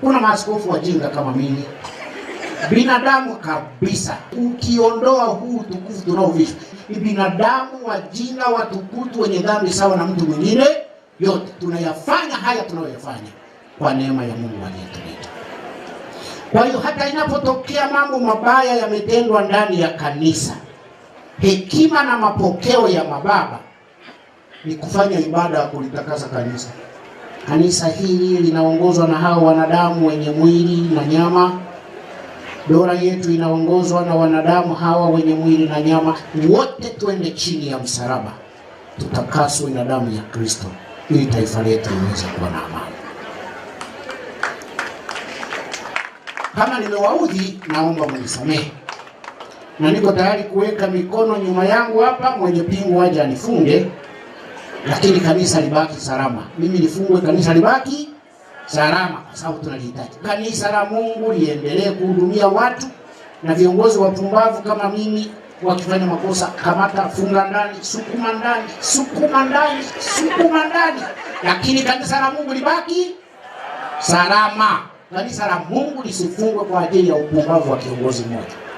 Kuna maaskofu wajinga kama mimi, binadamu kabisa. Ukiondoa huu utukufu tunaovishwa, ni binadamu wajinga watukutu, wenye dhambi sawa na mtu mwingine. Yote tunayafanya haya tunayoyafanya kwa neema ya Mungu aliyetuleta. Kwa hiyo hata inapotokea mambo mabaya yametendwa ndani ya kanisa, hekima na mapokeo ya mababa ni kufanya ibada ya kulitakasa kanisa. Kanisa hili linaongozwa na hao wanadamu wenye mwili na nyama. Dola yetu inaongozwa na wanadamu hawa wenye mwili na nyama. Wote twende chini ya msalaba, tutakaswe na damu ya Kristo ili taifa letu liweze kuwa na amani. Kama nimewaudhi, naomba mnisamehe, na niko tayari kuweka mikono nyuma yangu hapa. Mwenye pingu aje anifunge lakini kanisa libaki salama. Mimi nifungwe, kanisa libaki salama, kwa sababu tunalihitaji kanisa la Mungu liendelee kuhudumia watu, na viongozi wapumbavu kama mimi wakifanya makosa, kamata, funga ndani, sukuma ndani, sukuma ndani, sukuma ndani, lakini kanisa la Mungu libaki salama. Kanisa la Mungu lisifungwe kwa ajili ya upumbavu wa kiongozi mmoja.